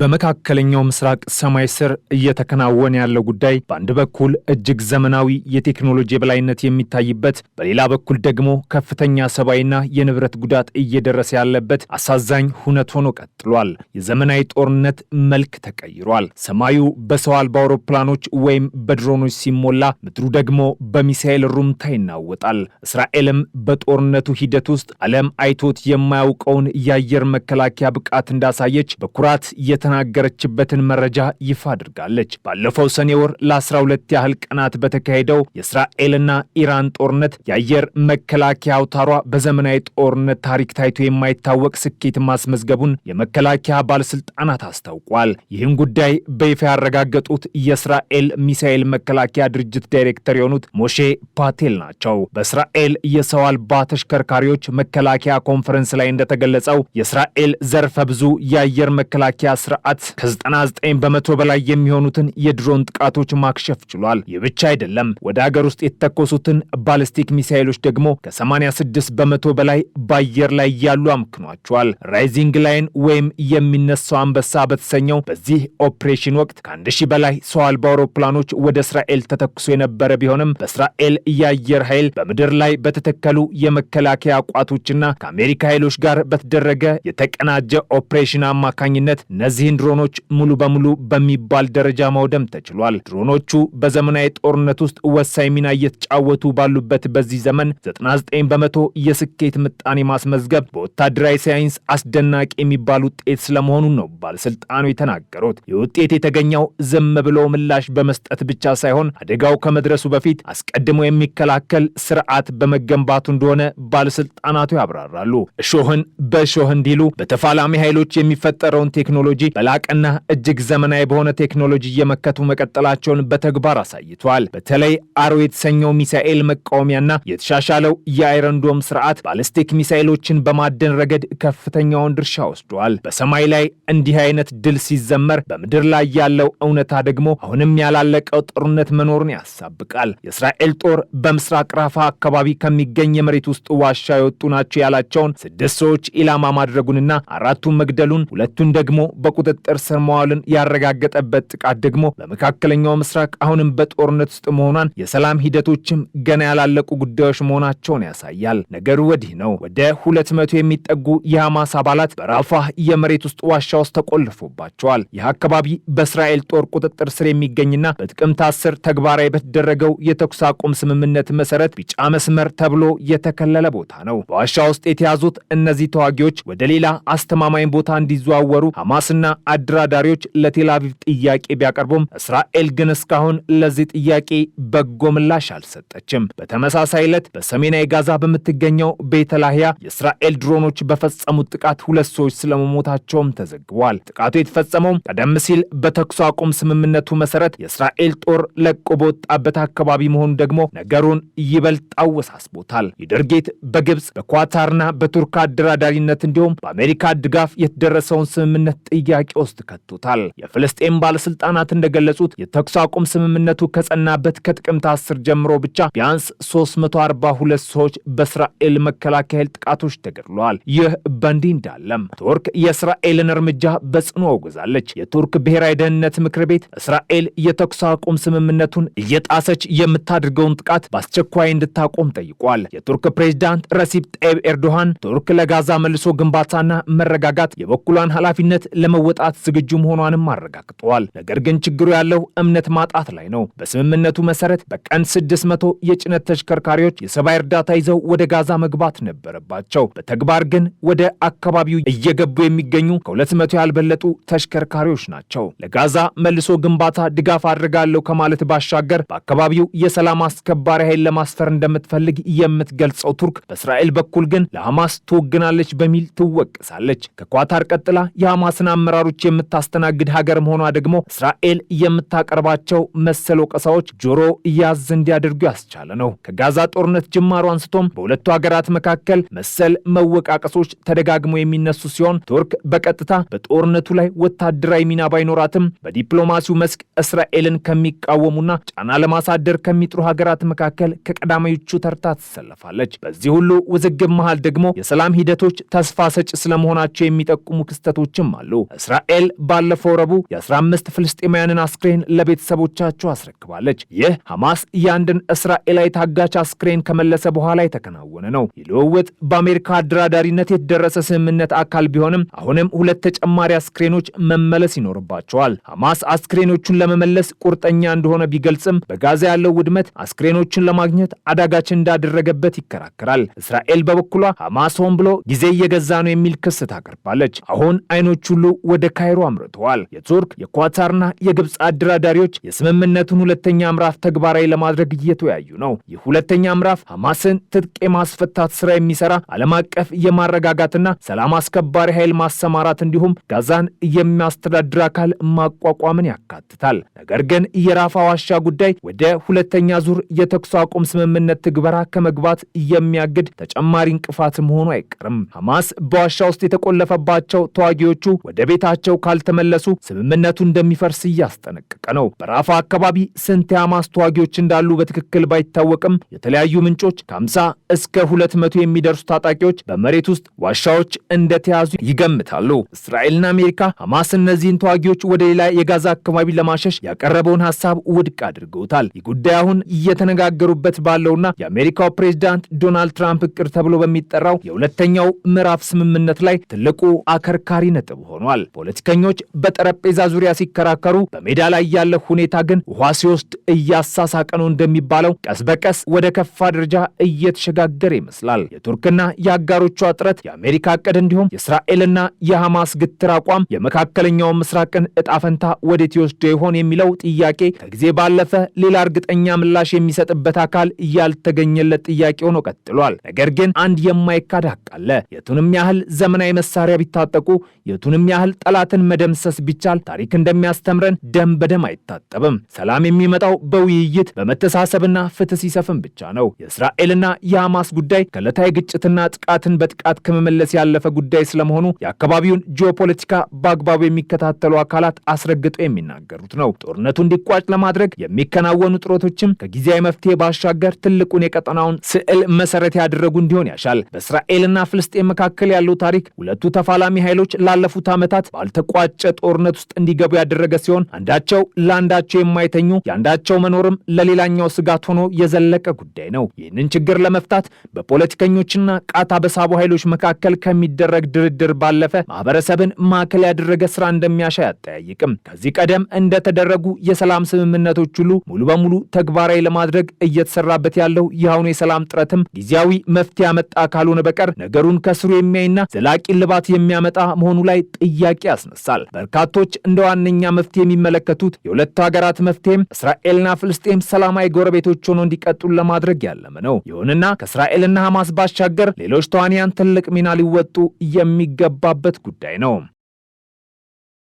በመካከለኛው ምስራቅ ሰማይ ስር እየተከናወነ ያለው ጉዳይ በአንድ በኩል እጅግ ዘመናዊ የቴክኖሎጂ የበላይነት የሚታይበት፣ በሌላ በኩል ደግሞ ከፍተኛ ሰብአዊና የንብረት ጉዳት እየደረሰ ያለበት አሳዛኝ ሁነት ሆኖ ቀጥሏል። የዘመናዊ ጦርነት መልክ ተቀይሯል። ሰማዩ በሰው አልባ አውሮፕላኖች ወይም በድሮኖች ሲሞላ፣ ምድሩ ደግሞ በሚሳኤል ሩምታ ይናወጣል። እስራኤልም በጦርነቱ ሂደት ውስጥ ዓለም አይቶት የማያውቀውን የአየር መከላከያ ብቃት እንዳሳየች በኩራት የተ የተናገረችበትን መረጃ ይፋ አድርጋለች። ባለፈው ሰኔ ወር ለ12 ያህል ቀናት በተካሄደው የእስራኤልና ኢራን ጦርነት የአየር መከላከያ አውታሯ በዘመናዊ ጦርነት ታሪክ ታይቶ የማይታወቅ ስኬት ማስመዝገቡን የመከላከያ ባለስልጣናት አስታውቋል። ይህን ጉዳይ በይፋ ያረጋገጡት የእስራኤል ሚሳኤል መከላከያ ድርጅት ዳይሬክተር የሆኑት ሞሼ ፓቴል ናቸው። በእስራኤል የሰው አልባ ተሽከርካሪዎች መከላከያ ኮንፈረንስ ላይ እንደተገለጸው የእስራኤል ዘርፈ ብዙ የአየር መከላከያ ስራ ስርዓት ከ99 በመቶ በላይ የሚሆኑትን የድሮን ጥቃቶች ማክሸፍ ችሏል። ይህ ብቻ አይደለም። ወደ አገር ውስጥ የተተኮሱትን ባሊስቲክ ሚሳይሎች ደግሞ ከ86 በመቶ በላይ በአየር ላይ እያሉ አምክኗቸዋል። ራይዚንግ ላይን ወይም የሚነሳው አንበሳ በተሰኘው በዚህ ኦፕሬሽን ወቅት ከ1000 በላይ ሰው አልባ አውሮፕላኖች ወደ እስራኤል ተተኩሶ የነበረ ቢሆንም በእስራኤል የአየር ኃይል በምድር ላይ በተተከሉ የመከላከያ ቋቶችና ከአሜሪካ ኃይሎች ጋር በተደረገ የተቀናጀ ኦፕሬሽን አማካኝነት እነዚህ እነዚህን ድሮኖች ሙሉ በሙሉ በሚባል ደረጃ ማውደም ተችሏል። ድሮኖቹ በዘመናዊ ጦርነት ውስጥ ወሳኝ ሚና እየተጫወቱ ባሉበት በዚህ ዘመን 99 በመቶ የስኬት ምጣኔ ማስመዝገብ በወታደራዊ ሳይንስ አስደናቂ የሚባል ውጤት ስለመሆኑ ነው ባለስልጣኑ የተናገሩት። ይህ ውጤት የተገኘው ዝም ብሎ ምላሽ በመስጠት ብቻ ሳይሆን አደጋው ከመድረሱ በፊት አስቀድሞ የሚከላከል ስርዓት በመገንባቱ እንደሆነ ባለስልጣናቱ ያብራራሉ። እሾህን በእሾህ እንዲሉ በተፋላሚ ኃይሎች የሚፈጠረውን ቴክኖሎጂ በላቀና እጅግ ዘመናዊ በሆነ ቴክኖሎጂ እየመከቱ መቀጠላቸውን በተግባር አሳይቷል። በተለይ አሮ የተሰኘው ሚሳኤል መቃወሚያና የተሻሻለው የአይረንዶም ስርዓት ባለስቲክ ሚሳኤሎችን በማደን ረገድ ከፍተኛውን ድርሻ ወስዷል። በሰማይ ላይ እንዲህ አይነት ድል ሲዘመር በምድር ላይ ያለው እውነታ ደግሞ አሁንም ያላለቀው ጦርነት መኖሩን ያሳብቃል። የእስራኤል ጦር በምስራቅ ራፋ አካባቢ ከሚገኝ የመሬት ውስጥ ዋሻ የወጡ ናቸው ያላቸውን ስድስት ሰዎች ኢላማ ማድረጉንና አራቱን መግደሉን ሁለቱን ደግሞ በ በቁጥጥር ስር መዋልን ያረጋገጠበት ጥቃት ደግሞ በመካከለኛው ምስራቅ አሁንም በጦርነት ውስጥ መሆኗን የሰላም ሂደቶችም ገና ያላለቁ ጉዳዮች መሆናቸውን ያሳያል። ነገሩ ወዲህ ነው። ወደ ሁለት መቶ የሚጠጉ የሐማስ አባላት በራፋህ የመሬት ውስጥ ዋሻ ውስጥ ተቆልፎባቸዋል። ይህ አካባቢ በእስራኤል ጦር ቁጥጥር ስር የሚገኝና በጥቅምት አስር ተግባራዊ በተደረገው የተኩስ አቁም ስምምነት መሰረት ቢጫ መስመር ተብሎ የተከለለ ቦታ ነው። በዋሻ ውስጥ የተያዙት እነዚህ ተዋጊዎች ወደ ሌላ አስተማማኝ ቦታ እንዲዘዋወሩ ሐማስና ዋና አደራዳሪዎች ለቴላቪቭ ጥያቄ ቢያቀርቡም እስራኤል ግን እስካሁን ለዚህ ጥያቄ በጎ ምላሽ አልሰጠችም። በተመሳሳይ ዕለት በሰሜናዊ ጋዛ በምትገኘው ቤተላህያ የእስራኤል ድሮኖች በፈጸሙት ጥቃት ሁለት ሰዎች ስለመሞታቸውም ተዘግቧል። ጥቃቱ የተፈጸመው ቀደም ሲል በተኩስ አቁም ስምምነቱ መሰረት የእስራኤል ጦር ለቆ በወጣበት አካባቢ መሆኑ ደግሞ ነገሩን ይበልጥ አወሳስቦታል። ይህ ድርጊት በግብፅ በኳታርና በቱርክ አደራዳሪነት እንዲሁም በአሜሪካ ድጋፍ የተደረሰውን ስምምነት ጥያ ጥያቄ ውስጥ ከቶታል። የፍልስጤም ባለስልጣናት እንደገለጹት የተኩስ አቁም ስምምነቱ ከጸናበት ከጥቅምት 10 ጀምሮ ብቻ ቢያንስ 342 ሰዎች በእስራኤል መከላከያ ጥቃቶች ተገድለዋል። ይህ በእንዲህ እንዳለም ቱርክ የእስራኤልን እርምጃ በጽኑ አውግዛለች። የቱርክ ብሔራዊ ደህንነት ምክር ቤት እስራኤል የተኩስ አቁም ስምምነቱን እየጣሰች የምታደርገውን ጥቃት በአስቸኳይ እንድታቆም ጠይቋል። የቱርክ ፕሬዚዳንት ረሲፕ ጠይብ ኤርዶሃን ቱርክ ለጋዛ መልሶ ግንባታና መረጋጋት የበኩሏን ኃላፊነት ለመወ ለመወጣት ዝግጁ መሆኗንም አረጋግጠዋል። ነገር ግን ችግሩ ያለው እምነት ማጣት ላይ ነው። በስምምነቱ መሰረት በቀን 600 የጭነት ተሽከርካሪዎች የሰብአዊ እርዳታ ይዘው ወደ ጋዛ መግባት ነበረባቸው። በተግባር ግን ወደ አካባቢው እየገቡ የሚገኙ ከ200 ያልበለጡ ተሽከርካሪዎች ናቸው። ለጋዛ መልሶ ግንባታ ድጋፍ አድርጋለሁ ከማለት ባሻገር በአካባቢው የሰላም አስከባሪ ኃይል ለማስፈር እንደምትፈልግ የምትገልጸው ቱርክ በእስራኤል በኩል ግን ለሐማስ ትወግናለች በሚል ትወቅሳለች። ከኳታር ቀጥላ የሐማስን አመራ አክራሮች የምታስተናግድ ሀገር መሆኗ ደግሞ እስራኤል የምታቀርባቸው መሰል ወቀሳዎች ጆሮ እያዝ እንዲያደርጉ ያስቻለ ነው። ከጋዛ ጦርነት ጅማሮ አንስቶም በሁለቱ ሀገራት መካከል መሰል መወቃቀሶች ተደጋግመው የሚነሱ ሲሆን ቱርክ በቀጥታ በጦርነቱ ላይ ወታደራዊ ሚና ባይኖራትም በዲፕሎማሲው መስክ እስራኤልን ከሚቃወሙና ጫና ለማሳደር ከሚጥሩ ሀገራት መካከል ከቀዳሚዎቹ ተርታ ትሰለፋለች። በዚህ ሁሉ ውዝግብ መሃል ደግሞ የሰላም ሂደቶች ተስፋ ሰጪ ስለመሆናቸው የሚጠቁሙ ክስተቶችም አሉ። እስራኤል ባለፈው ረቡዕ የ15 ፍልስጤማውያንን አስክሬን ለቤተሰቦቻቸው አስረክባለች። ይህ ሐማስ የአንድን እስራኤላዊ ታጋች አስክሬን ከመለሰ በኋላ የተከናወነ ነው። የልውውጥ በአሜሪካ አደራዳሪነት የተደረሰ ስምምነት አካል ቢሆንም አሁንም ሁለት ተጨማሪ አስክሬኖች መመለስ ይኖርባቸዋል። ሐማስ አስክሬኖቹን ለመመለስ ቁርጠኛ እንደሆነ ቢገልጽም በጋዛ ያለው ውድመት አስክሬኖቹን ለማግኘት አዳጋች እንዳደረገበት ይከራከራል። እስራኤል በበኩሏ ሐማስ ሆን ብሎ ጊዜ እየገዛ ነው የሚል ክስ ታቀርባለች። አሁን አይኖች ሁሉ ወደ ካይሮ አምርተዋል። የቱርክ የኳታርና የግብፅ አደራዳሪዎች የስምምነቱን ሁለተኛ ምዕራፍ ተግባራዊ ለማድረግ እየተወያዩ ነው። ይህ ሁለተኛ ምዕራፍ ሐማስን ትጥቅ የማስፈታት ስራ የሚሰራ ዓለም አቀፍ የማረጋጋትና ሰላም አስከባሪ ኃይል ማሰማራት እንዲሁም ጋዛን የሚያስተዳድር አካል ማቋቋምን ያካትታል። ነገር ግን የራፋ ዋሻ ጉዳይ ወደ ሁለተኛ ዙር የተኩስ አቁም ስምምነት ትግበራ ከመግባት የሚያግድ ተጨማሪ እንቅፋት መሆኑ አይቀርም። ሐማስ በዋሻ ውስጥ የተቆለፈባቸው ተዋጊዎቹ ወደ ቤት ቤታቸው ካልተመለሱ ስምምነቱ እንደሚፈርስ እያስጠነቀቀ ነው። በራፋ አካባቢ ስንት የሐማስ ተዋጊዎች እንዳሉ በትክክል ባይታወቅም የተለያዩ ምንጮች ከ50 እስከ 200 የሚደርሱ ታጣቂዎች በመሬት ውስጥ ዋሻዎች እንደተያዙ ይገምታሉ። እስራኤልና አሜሪካ ሐማስ እነዚህን ተዋጊዎች ወደ ሌላ የጋዛ አካባቢ ለማሸሽ ያቀረበውን ሐሳብ ውድቅ አድርገውታል። ይህ ጉዳይ አሁን እየተነጋገሩበት ባለውና የአሜሪካው ፕሬዚዳንት ዶናልድ ትራምፕ እቅድ ተብሎ በሚጠራው የሁለተኛው ምዕራፍ ስምምነት ላይ ትልቁ አከርካሪ ነጥብ ሆኗል። ፖለቲከኞች በጠረጴዛ ዙሪያ ሲከራከሩ በሜዳ ላይ ያለ ሁኔታ ግን ውሃ ሲወስድ እያሳሳቀ ነው እንደሚባለው ቀስ በቀስ ወደ ከፋ ደረጃ እየተሸጋገረ ይመስላል። የቱርክና የአጋሮቿ ጥረት፣ የአሜሪካ እቅድ እንዲሁም የእስራኤልና የሐማስ ግትር አቋም የመካከለኛው ምስራቅን እጣ ፈንታ ወዴት ይወስደው ይሆን የሚለው ጥያቄ ከጊዜ ባለፈ ሌላ እርግጠኛ ምላሽ የሚሰጥበት አካል ያልተገኘለት ጥያቄ ሆኖ ቀጥሏል። ነገር ግን አንድ የማይካድ ሀቅ አለ። የቱንም ያህል ዘመናዊ መሳሪያ ቢታጠቁ፣ የቱንም ያህል ጠላትን መደምሰስ ቢቻል ታሪክ እንደሚያስተምረን ደም በደም አይታጠብም። ሰላም የሚመጣው በውይይት በመተሳሰብና ፍትህ ሲሰፍን ብቻ ነው። የእስራኤልና የሐማስ ጉዳይ ከዕለታዊ ግጭትና ጥቃትን በጥቃት ከመመለስ ያለፈ ጉዳይ ስለመሆኑ የአካባቢውን ጂኦፖለቲካ በአግባቡ የሚከታተሉ አካላት አስረግጠው የሚናገሩት ነው። ጦርነቱ እንዲቋጭ ለማድረግ የሚከናወኑ ጥረቶችም ከጊዜያዊ መፍትሄ ባሻገር ትልቁን የቀጠናውን ስዕል መሰረት ያደረጉ እንዲሆን ያሻል። በእስራኤልና ፍልስጤን መካከል ያለው ታሪክ ሁለቱ ተፋላሚ ኃይሎች ላለፉት ዓመታት በማለት ባልተቋጨ ጦርነት ውስጥ እንዲገቡ ያደረገ ሲሆን አንዳቸው ለአንዳቸው የማይተኙ የአንዳቸው መኖርም ለሌላኛው ስጋት ሆኖ የዘለቀ ጉዳይ ነው። ይህንን ችግር ለመፍታት በፖለቲከኞችና ቃታ በሳቡ ኃይሎች መካከል ከሚደረግ ድርድር ባለፈ ማህበረሰብን ማዕከል ያደረገ ስራ እንደሚያሻ አያጠያይቅም። ከዚህ ቀደም እንደተደረጉ የሰላም ስምምነቶች ሁሉ ሙሉ በሙሉ ተግባራዊ ለማድረግ እየተሰራበት ያለው የአሁኑ የሰላም ጥረትም ጊዜያዊ መፍትሄ ያመጣ ካልሆነ በቀር ነገሩን ከስሩ የሚያይና ዘላቂ ልባት የሚያመጣ መሆኑ ላይ ጥያቄ ጥያቄ ያስነሳል። በርካቶች እንደ ዋነኛ መፍትሄ የሚመለከቱት የሁለቱ ሀገራት መፍትሄም እስራኤልና ፍልስጤም ሰላማዊ ጎረቤቶች ሆኖ እንዲቀጡን ለማድረግ ያለመ ነው። ይሁንና ከእስራኤልና ሐማስ ባሻገር ሌሎች ተዋንያን ትልቅ ሚና ሊወጡ የሚገባበት ጉዳይ ነው።